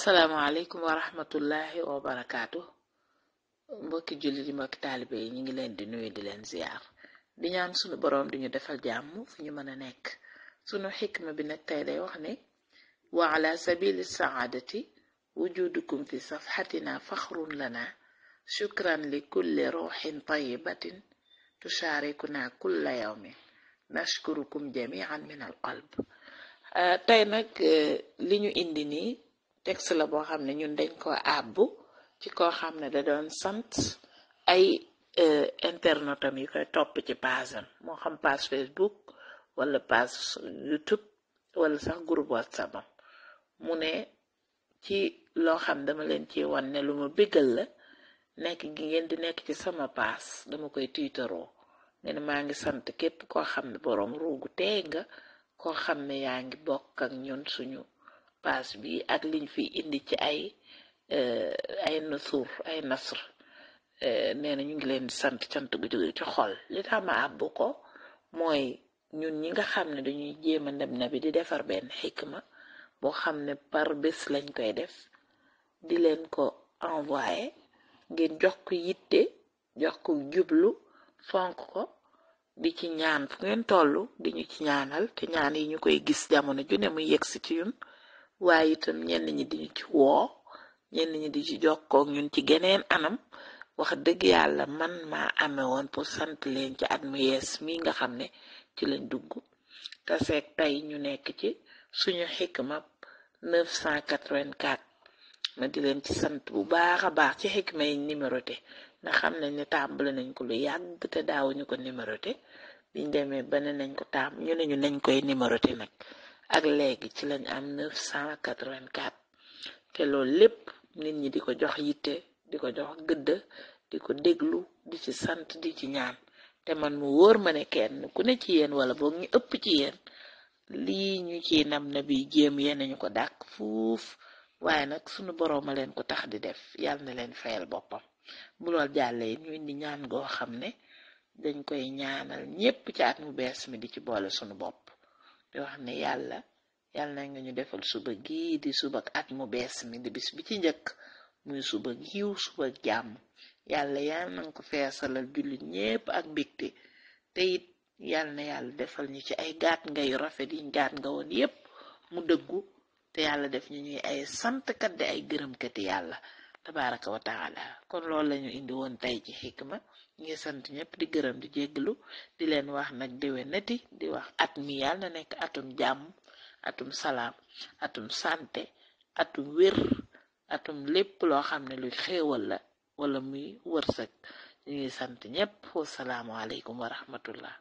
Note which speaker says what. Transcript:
Speaker 1: salaamaaleykum wa rahmatullahi wa barakaatu mbokki jullit yi mbokki taalibe yi ñu ngi leen di nuyu di leen ziar di ñaan suñu boroom di ñu defal jàmm fu ñu mën a nekk sunu xikma bi nag tey day wax ni wa ala sabili saadati wujudukum fi safxatina faxrun lana shukran li kulli ruuxin tayibatin nag eh, li ñu indi nii texte la boo xam ne ñun dañ koo àbbu ci koo xam ne da doon sant ay euh, internetam yi koy topp ci paasam moo xam page Facebook wala page YouTube wala sax groupe WhatsApp am mu ne ci loo xam dama leen ci wan ne lu ma bégal la nekk gi ngeen di nekk ci sama paas dama koy tiitaroo ne maa ngi sant képp koo xam ne boroom ruugu tee nga koo xam ne yaa ngi bokk ak ñun suñu paas bi ak liñ fi indi ci ay eh, ay nasuur ay nasr eh, nee na ñu ngi leen di sant cant gu jóge ci xool li tax ma àbbu ko mooy ñun ñi nga xam ne dañuy jéem a ndem na bi di defar benn xikma boo xam ne par bés lañ koy def di leen ko envoyé ngeen jox ko yitte jox ko jublu fonk ko di ci ñaan fu ngeen toll di ñu ci ñaanal te ñaan yi ñu koy gis jamono ju ne mu yegsi ci ñun waaye itam ñenn ñi di ñu ci woo ñenn ñi di ci jokkoog ñu ci geneen anam wax dëgg yàlla man maa amee woon pour sant leen ci at mu yees mi nga xam ne ci lañ dugg te seeg tey ñu nekk ci suñu xikma 984 ma di leen ci sant bu baax a baax ci xikma yi numéroté ndax xam nañ ne tàmbali nañ ko lu yàgg te daawuñu ko numéroté biñ demee ba ne nañ ko tàmm ñu ne ñu nañ koy numéroté nag. ak léegi ci lañ am 984 te lool lépp nit ñi di ko jox yitte di ko jox gëdd di ko déglu di ci sant di ci ñaan te man mu wóor ma ne kenn ku ne ci yéen wala boog ñu ëpp ci yéen lii ñu ci nam na bi jéem yéen ñu ko dàq fuuf waaye nag sunu boroom a leen ko tax di def yàlla na leen fayal boppam bu lool jàllee ñu indi ñaan goo xam ne dañ koy ñaanal ñépp ci at mu bees mi di ci boole sunu bopp di wax ne yàlla yàlla na nga ñu defal suba gii di suba at mu bees mi di bis bi ci njëkk muy suba yiw suba jàmm yàlla yàlla na nga ko feesalal jullit ñépp ak mbégte te it yàlla na yàlla defal ñu ci ay gaat nga yu rafet yi gaat nga woon yépp mu dëggu te yàlla def ñu ñuy ay santkat di ay gërëmkati yàlla tabaraka wa kon loolu lañu indi woon tey ci xikma ngi sant ñëpp di gërëm di jégglu di leen wax nag déwénati di wax at mi yàlla na nekk atum jàmm atum salaam atum santé atum wér atum lépp loo xam ne luy xéewal la wala muy wërsëg ñu ngi sant ñépp wasalaamu aleykum wa rahmatullah